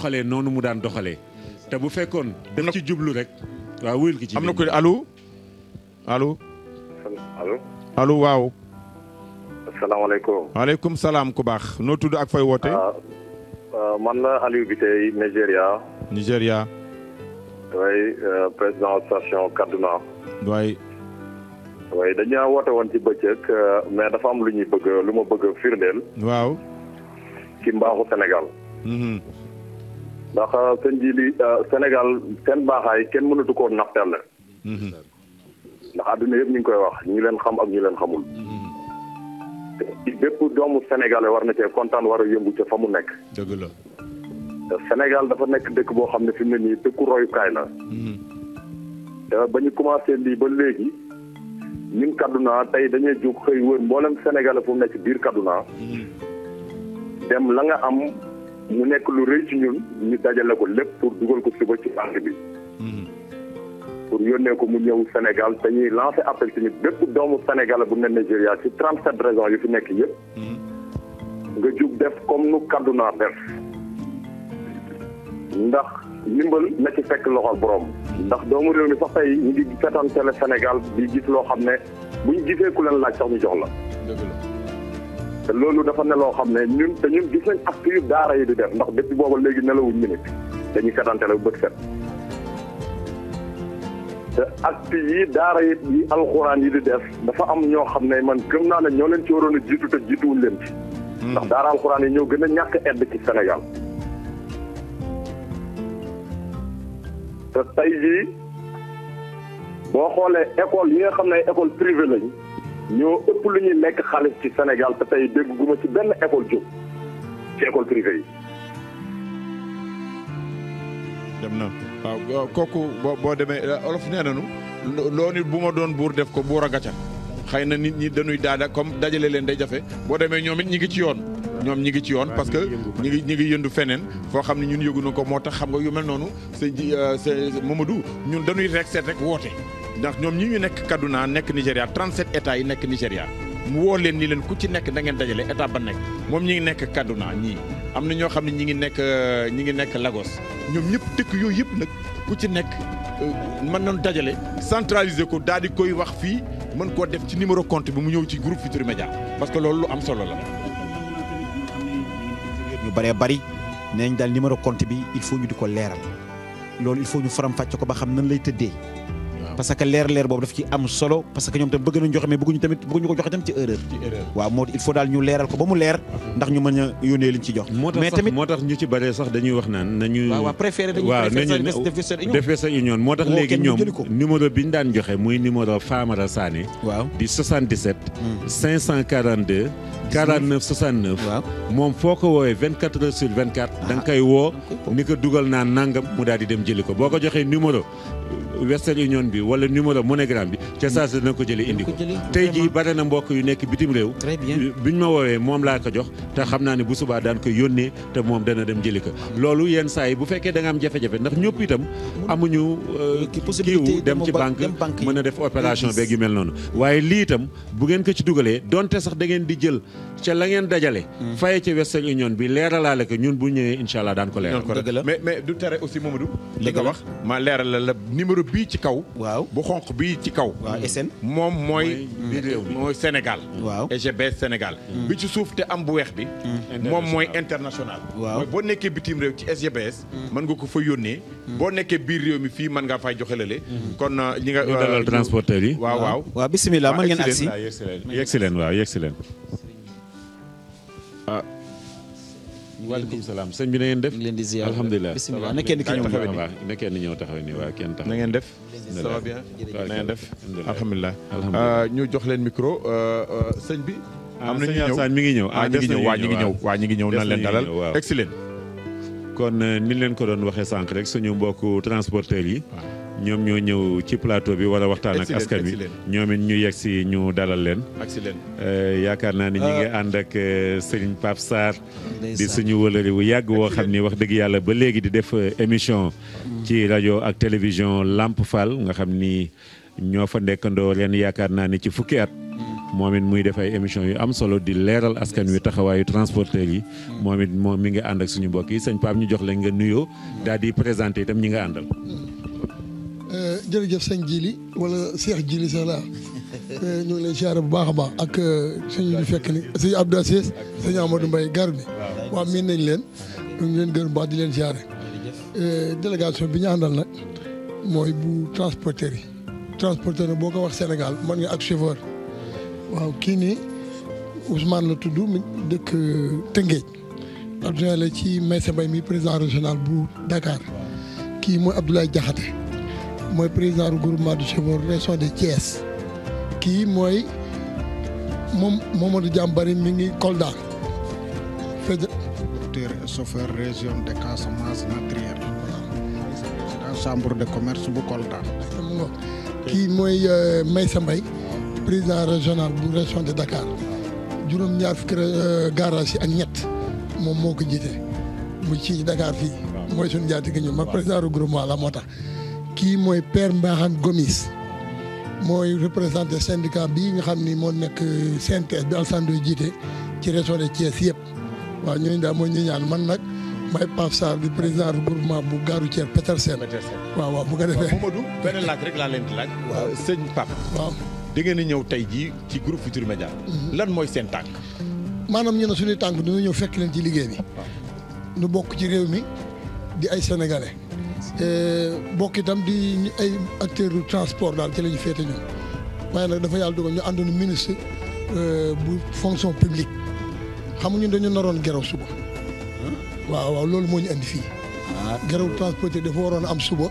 doxalee noonu mu daan doxalee. te bu fekkoon daf ci jublu rek. waaw wuyul am na ko allo allo. allo allo waaw. asalaamaaleykum. waaleykum salaam ku baax noo tudd ah, ah, man la Aliou Biteye Nigéria. Nigéria. oui euh, président station dañaa woote woon ci bëccëg euh, mais dafa am lu ñuy bëgg lu ma bëgg a firndeel. waaw. ci mbaaxu Sénégal. Mm-hmm. ndax sëñ ji li Sénégal seen baaxaay kenn mënatu koo naxteel la mhm. ndax àdduna yëpp ñu ngi koy wax ñu leen xam ak ñu leen xamul te mhm. bépp doomu sénégalais war na cee kontaan war a yëngu ci fa mu nekk dëgg la te dafa nekk dëkk boo xam ne fi mu ne nii dëkku royukaay la mhm. te ba ñu commencé lii ba léegi ñu ñun Kaduna tey dañuy jóg xëy wër mboolem sénégalais fu mu nekk biir Kaduna dem la nga am mu nekk lu rëy ci ñun ñu dajale ko lépp pour dugal ko suba ci banque bi. Mhm. pour yónnee ko mu ñëw Sénégal dañuy lancer appel ci nit bépp doomu Sénégal bu ne Nigéria ci 37 régions yu fi nekk yëpp. Mhm. nga jug def comme nu Kaduna def. ndax ndimbal na ci fekk loxo borom. ndax doomu réew mi sax tey ñu ngi seetaan télé Sénégal di gis loo xam ne buñ gisee ku leen laaj sax ñu jox la. te loolu dafa ne loo xam ne ñun te ñun gis nañ acte yu daara yi di def ndax depuis booba léegi nelawuñ minute dañuy setante la bët set te acte yi daara yi yi alxuraan yi di def dafa am ñoo xam ne man gëm naa ne ñoo leen ci waroon a jiitu te jiituwul leen ci hmm. ndax daara alxuraan yi ñoo gën a ñàkk aide ci Sénégal te tey jii boo xoolee école yi nga xam ne école privée lañ ñoo ëpp lu ñuy lekk xaalis ci Sénégal te tey dégg guma ci benn école jóg ci école privée yi. dem na kooku boo boo demee eh, olof nee nañu loo nit bu ma doon buur def ko buur a gàcca xay na nit ñi dañuy daada comme dajale leen day jafe boo demee ñoom it ñi ngi ci yoon. ñoom ñi ngi ci yoon parce que ñi ngi ñi ngi yëndu feneen foo xam ne ñun yëgu na ko moo tax xam nga yu noonu se ji sa Mamadou ñun dañuy rek seet rek woote. ndax ñoom ñi ñu nekk Kaduna nekk Nigéria 37 états yi nekk Nigéria mu woo leen nii leen ku ci nekk da ngeen dajale état ba nekk moom ñi ngi nekk Kaduna ñii am na ñoo xam ne ñi ngi nekk euh, ñi ngi nekk Lagos ñoom ñëpp dëkk yooyu yëpp nag ku ci nekk euh, mën nañu dajale centraliser ko daal di koy wax fii mën koo def ci numéro compte bi mu ñëw ci groupe Futurs Médias parce que loolu lu am solo la. ñu bëree bëri nañ daal numéro compte bi il faut ñu di ko leeral loolu il faut ñu faram-fàcce ko ba xam nan lay tëddee. parce que leer leer boobu daf ci am solo parce que ñoom tam bëgg nañ joxe mais bëgguñu tamit bëgguñu ko joxe tam ci erreur. ci waaw il faut daal ñu leeral ko ba mu leer. ndax ñu mën a yónnee liñ ci jox. moo tax ñu ci bare sax dañuy wax naan nañu. defee sa union moo tax léegi ñoom numéro bi ñu daan joxe muy numéro Famara Sané. di 77. 542. 49 moom foo ko woowee 24 heures ah, woo ni ko dugal naa nangam mu daal di dem jëli ko boo ko joxee numéro Western Union bi wala numéro MoneyGram bi ca saa si dana ko jëlee indi ko tey jii bare na mbokk yu nekk bitim réew bi ñu ma woowee moom laa ko jox te xam naa ne bu subaa daan ko yónnee te moom dana dem jëli ko loolu yenn saa yi bu fekkee da nga am jafe-jafe ndax ñëpp itam amuñu euh, kiiwu dem ci banque mën a def opération beeg yu mel noonu waaye lii itam bu ngeen ko ci dugalee donte sax da ngeen di jël ca la ngeen dajale faye ca Western Union bi leeralaale ko ñun bu ñëwee incha allah daan ko leeral mais mais du tere aussi Mamadou li nga wax maa bii ci kaw. waaw bu xonq bii ci kaw. waaw SN. moom mooy. biir réew mi Sénégal. waaw SGBS Sénégal. Mm. bi ci suuf te am bu weex bi. Mm. moom mooy international. waaw boo nekkee bitim réew ci SGBS. Mm. mën nga ko fa yónnee. boo nekkee biir réew mi fii mën nga fay joxe lale. kon euh, ñi nga. ñu dalal euh, transporteur yi. waaw waaw waaw bisimilah mën ngeen agsi. yegsi leen waaw yegsi leen. waaleykum salaam sëñ bi nangeen def. ñu leen di ziar alhamdulilah bisimilah na kenn ki ñëw taxaw nii na kenn ñëw taxaw nii waa kenn taxaw. def. ça va bien euh, ñu jox leen micro euh, euh, sëñ bi. Ah, am na ñu ñëw mi ngi ñëw ah, ah ñu ngi ñëw waa ñu ngi ñëw waa ngi ñëw nan leen dalal egsi leen. kon ni leen ko doon waxee sànq rek suñu mbokku transporteurs yi. ñoom ñoo ñëw ci plateau bi war a waxtaan ak askan wi ñoom it ñu yegg si ñu dalal leen euh, yaakaar naa ni ñu ngi euh, ànd ak euh, sëriñ Pape Sarr di suñu wëlëri wu yàgg woo xam ni wax dëgg yàlla ba léegi di def émission ci rajo ak télévision Lamp Fall nga xam ni ñoo fa ndekkandoo leen yaakaar naa ni ci fukki at moom it muy def ay émission yu am solo di leeral askan wi taxawaayu transporteur yi mm. moom it moom mi ngi ànd ak suñu mbokk yi sëñ Pape ñu jox leen nga nuyoo mm. daal di présenté itam ñi nga àndal Euh, jërëjëf sëñ Jili wala Cheikh Jili sax laa euh, ñu ngi lay siyaare bu baax a baax ak euh, suñu ñu fekk ni sëñ Abdou Aziz sëñ Amadou Mbaye gar nañ leen ñu ngi leen di leen siyaare délégation bi ñu àndal nag mooy bu transporteur yi transporteur boo ko wax Sénégal mën nga ak chauffeur waaw kii nii Ousmane la tudd mi dëkk Tëngéej Abdoulaye la ci Maysa Mbaye mi président régional bu Dakar kii mooy Abdoulaye mooy président du groupement du chômeur région de Thiès kii mooy moom Momadou Diambary mi ngi Kolda. producteur et chauffeur région de Casamance Nigérian. chambre de commerce bu Kolda. kii mooy euh, Maysa mbay président régional bu région de Dakar juróom-ñaar fukki euh, garage yi ak ñett moom moo ko jiite mu ci Dakar fii. mooy suñu jaati gi ñu ma président regroupement la moo tax. kii mooy Père Mbaxane Gomis mooy représenté syndicat bii nga xam ni moo nekk CNTS euh, bi Alassane jiite ci région de Thiès yëpp waaw ñooñu daal mooy ñu ñaan man nag may Pape Sarr président regroupement bu gaaru Thiès Petersen. bu ko defee. Momadou benn laaj rek leen di laaj. waaw euh, sëñ waaw da ngeen a ñëw tey jii ci groupe Futurs Médias. Mhm. lan mooy seen tànk. maanaam ñu ne suñuy tànk dañoo ñëw fekk leen ci liggéey bi. nu bokk ci réew mi di ay sénégalais. Euh, bokk itam di ay acteurs du transport daal ci la ñu féete ñun waaye nag dafa yàlla dugal ñu àndoon ministre euh, bu fonction publique xam ñun dañu naroon geraw suba. waaw waaw loolu moo ñu andi fii. Ah. geraw transporteur dafa waroon am suba.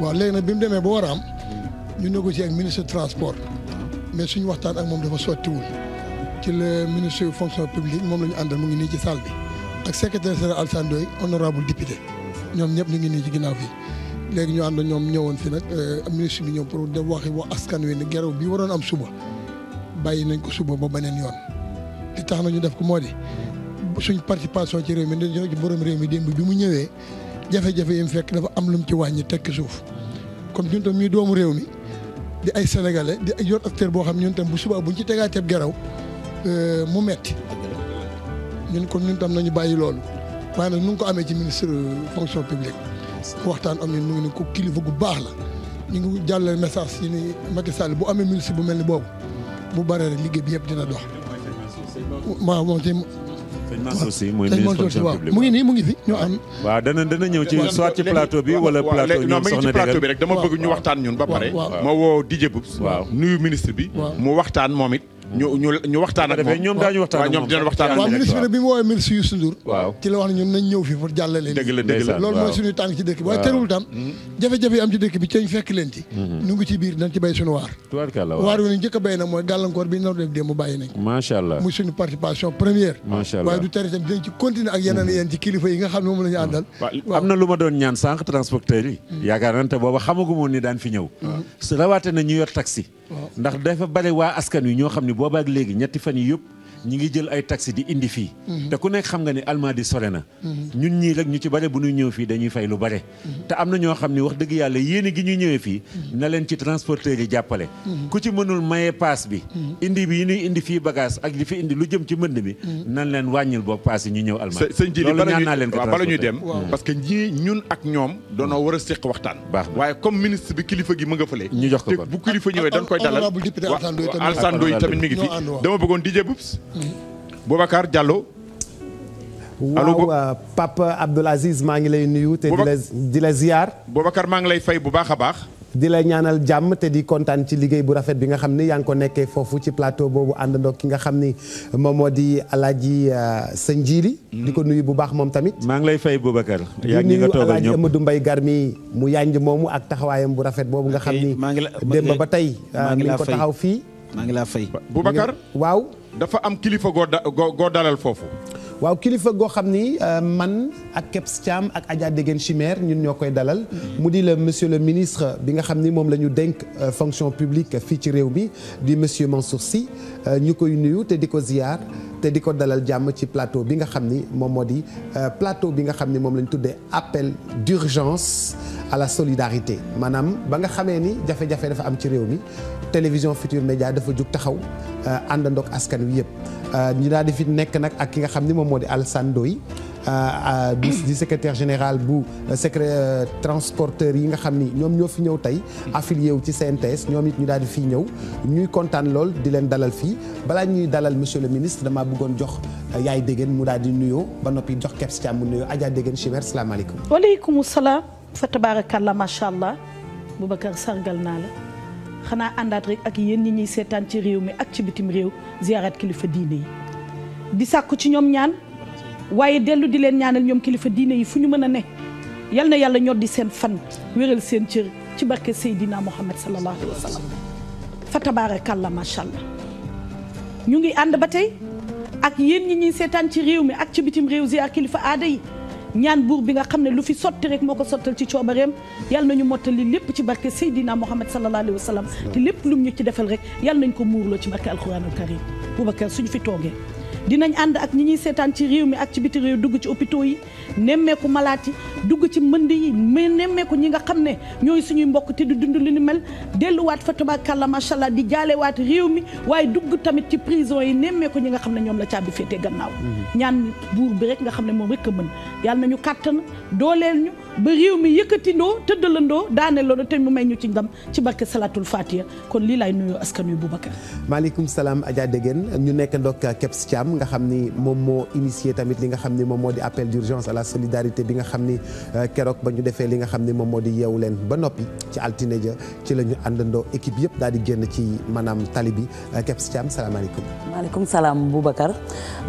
waaw léegi nag bi mu demee ba war a am. Hmm. ñu négocier ak ministre transport. Ah. mais suñu waxtaan ak moom dafa sottiwul. ci le ministre fonction publique moom lañu ànd mu ngi nii ci salle bi. ak secrétaire général Alassane Ndoye honorable député ñoom ñëpp ñu ngi nii ci ginnaaw fii léegi ñu ànd ñoom woon fi nag euh, ministre bi ñëw pour de waxi wax askan wi ne gerew bi waroon am suba bàyyi nañ ko suba ba beneen yoon li tax na ñu def ko moo di suñ participation ci réew mi dañoo ci borom réew mi démb bi mu ñëwee jafe yi mu fekk dafa am lu mu ci wàññi tekki suuf comme ñun tam doomu réew mi di ay sénégalais di ay yoon acteur boo xam ñun tam bu subaa buñ ci tegaatee geraw euh, mu metti ñun kon ñun tam nañu bàyyi loolu. waaye nag nu ngi ko amee ci ministre fonction publique waxtaan am ñun mu ngi ko kilifa gu baax la ñu ngi jàllale message yi ni Macky Sall bu amee ministre bu mel ni boobu bu baree rek liggéey bi yëpp dina dox. waaw moom ci. sëñ Mansour Sy mooy ministre mu ngi nii mu ngi fi ñu am. waaw dana dana ñëw ci soit ci plateau bi wala plateau ñoom soxna plateau bi rek dama bëgg ñu waxtaan ñun ba pare. ma woo DJ Boubs. nuyu ministre bi. mu waxtaan moom it. ñu ñu ñu waxtaan ak moom ñoom ministre bi mu woowee ministre Youssou Ndour waaw ci nañ ñëw fii pour jàllale dëgg la dëgg mooy suñu tànk ci dëkk bi waaye terul tam mm-hmm. jafe-jafe yi am ci dëkk bi ci ñu mm-hmm. ngi ci biir bàyyi nañ macha allah muy première waaye du tere tam dinañ ci continuer ak yeneen yéen ci kilifa yi nga xam ne moom la ñu am na lu ma doon ñaan sànq transporteur yi mm-hmm. yaakaar booba xamagu ni daan fi ñëw rawaate na ñu yor taxi ndax boobaak léegi ñetti fan yi yëpp ñi ngi jël ay taxi di indi fii mhm. te ku nekk xam nga ni ne di sore na mhm. ñun ñii rek ñu ci bare bu ñuy ñëw fii dañuy fay lu bare mhm. te am na ñoo xam ne wax dëgg yàlla yéene gi ñuy ñëwee fii na leen ci transporteurs yi jàppale ku ci mënul maye paas bi indi bi yi ñuy indi fii bagage ak li fi indi lu jëm ci mënd bi nan leen wàññil boo paas yi ñu ñëw Almadies sëñ loolu ñaan leen ko bala ñuy dem parce que ñii ñun ak ñoom doonoo war a séq waxtaan waaye comme ministre bi kilifa gi ma nga ko bu Boubacar Diallo. waaw Pape Abdoul Aziz maa ngi lay nuyu. te di la di la maa ngi lay fay bu baax a baax. di lay ñaanal jàmm te di kontaan ci liggéey bu rafet bi nga xam ni yaa ngi ko nekkee foofu ci plateau boobu àndandoo ki nga xam ni moom moo di Alaaji euh, Sëñ Jili mm-hmm. di ko nuyu bu baax moom tamit. maa ngi lay fay Boubacar. yaa ngi nga toog ak ñoom di nuyu Garmi mu yànj moomu ak taxawaayam bu rafet boobu nga xam eh, ni. démb eh, ba tey. maa euh, ngi la fay ko taxaw fii. maa ngi laa fay. Boubacar waaw. dafa am kilifa goo da goo dalal foofu. waaw kilifa goo xam ni euh, man ak Kebs Thiam ak Adja Degen Chimère ñun ñoo koy dalal. Mm-hmm. mu di la monsieur le ministre bi nga xam ni moom la ñu dénk euh, fonction publique fii ci réew mi di monsieur Mansour Sy euh, ñu koy nuyu te di ko ziar. te di ko dalal jàmm ci plateau bi nga xam ni moom moo di euh, plateau bi nga xam ni moom lañ tuddee appel d'urgence à la solidarité maanaam ba nga xamee ni jafe-jafe dafa am ci réew mi télévision Futur Média dafa jug taxaw euh, àndandoog askan wi yëpp euh, ñi daal di fi nekk nag ak ki nga xam ni moom moo di Alassane yi di di général bu euh, secré euh, transporteur yi nga xam ni ñoom ñoo fi ñëw tey affilié wu ci CNTS ñoom it ñu daal di fii ñëw ñuy kontaan lool di leen dalal fii balaa ñuy dalal monsieur le ministre damaa bëggoon jox euh, yaay déggéen mu daal di nuyoo ba noppi jox Kebs Thiam mu nuyoo Adja déggéen Chimère salaamaaleykum waaleykum salaam fa la macha allah Boubacar sargal naa la xanaa àndaat rek ak yéen ñi ñuy seetaan ci réew mi ak ci bitim réew ziarat kilifa diine di sàkku waaye dellu di leen ñaanal ñoom kilifa diine yi fu ñu mën a ne yal na yàlla ñoddi seen fan wéral seen cër ci barke Seydina Muhammad sallallahu alayhi wa sallam fa tabaarakàlla macha allah ñu ngi ànd ba tey ak yen ñi ñuy seetaan ci réew mi ak ci bitim réew ziar kilifa aada yi ñaan buur bi nga xam ne lu fi sotti rek moo ko sottal ci coobareem yal nañu mottali lépp ci barke Seydina Muhammad sallallahu alayhi wa sallam te lépp lu ñu ci defal rek yal nañ ko muurloo ci barke alquranul karim Boubacar suñu fi toogee dinañ ànd ak ñi ñuy seetaan ci réew mi ak ci biti réew dugg ci opito yi nemmeeku malaat yi dugg ci mën yi mais nemmeeku ñi nga xam ne ñooy suñuy mbokk te di dund li ni mel delluwaat fa tabakalla macha allah di jaalewaat réew mi waaye dugg tamit ci prison yi nemmeeku ñi nga xam ne ñoom la caabi féetee gannaaw. Mm-hmm. ñaan buur bi rek nga xam ne moom rek a mën yàlla ñu kàttan dooleel ñu ba réew mi yëkkatindoo tëddalandoo loolu te mu may ñu ci ndam ci barke salaatul fatiha kon lii lay nuyoo askan wi Boubacar. maaleykum salaam Adja Degen ñu nekk ndokk Kebs Thiam nga xam ni moom moo initié tamit li nga xam ni moom moo di appel d'urgence à la solidarité bi nga xam ni euh, keroog ba ñu defee li nga xam ni moom moo di yeewu leen ba noppi ci altine ja ci la ñu àndandoo équipe yëpp daal di génn ci maanaam tali bi ci euh, am salaamaaleykum maaleykum salaam Boubacar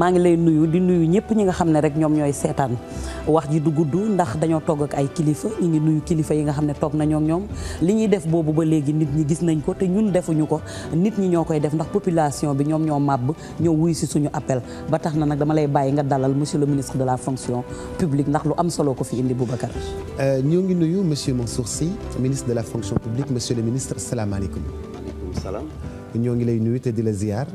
maa ngi lay nuyu di nuyu ñëpp ñi nga xam ne rek ñoom ñooy seetaan wax ji du gudd ndax dañoo togg ak ay kilifa ñu ngi nuyu kilifa yi nga xam ne toog nañoo ñoom li ñuy def boobu ba léegi nit ñi gis nañ ko te ñun defuñu ko nit ñi ñoo koy def ndax population bi ñoom ñoo màbb ñoo wuy si suñu appel ba tax na nag dama lay bàyyi nga dalal monsieur le ministre de la fonction publique ndax lu am solo ko fi indi Boubacar euh, ñoo ngi nuyu monsieur Mansour Sy ministre de la fonction publique monsieur le ministre salaamaaleykum salaam ñoo ngi lay nuyu te di la ziar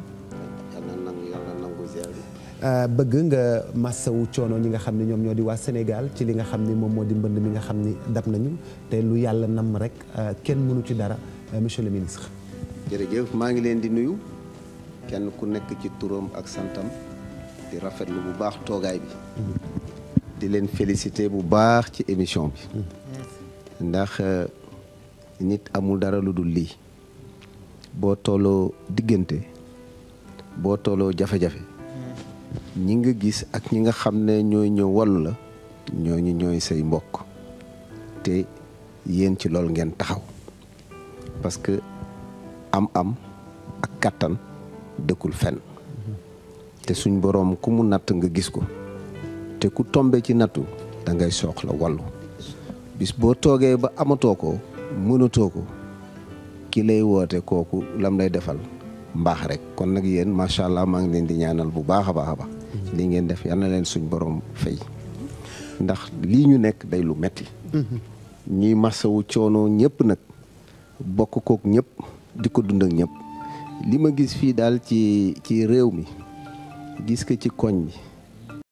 Euh, bëgg nga massawu coono ñi nga xam ne ñoom ñoo di waa Sénégal ci li nga xam ni moom moo di mbënn mi nga xam ni dab nañu te lu yàlla nam rek euh, kenn mënu ci dara euh, monsieur le ministre. jërëjëf maa ngi leen di nuyu kenn ku nekk ci turam ak santam di rafetlu bu baax toogaay bi. di leen félicité bu baax ci émission bi. ndax nit amul dara lu dul lii boo tolloo diggante boo tolloo jafe-jafe. ñi nga gis ak ñi nga xam ne ñooy ñëw wallu la ñoo ñooñu ñooy say mbokk te yéen ci loolu ngeen taxaw parce que am-am ak kàttan dëkkul fenn te suñ boroom ku mu natt nga gis ko te ku tombe ci nattu dangay ngay soxla wallu bis boo toogee ba amatoo ko mënatoo ko ki lay woote kooku lam lay defal mbaax rek kon nag yéen macha allah maa ngi leen di ñaanal bu baax a baax a baax. li ngeen def yal na leen suñ borom fay. ndax lii ñu nekk day lu metti ñuy masawu coono ñëpp nag bokk kook ñëpp di ko dund ñépp li ma gis fii daal ci ci réew mi gis ko ci koñ bi.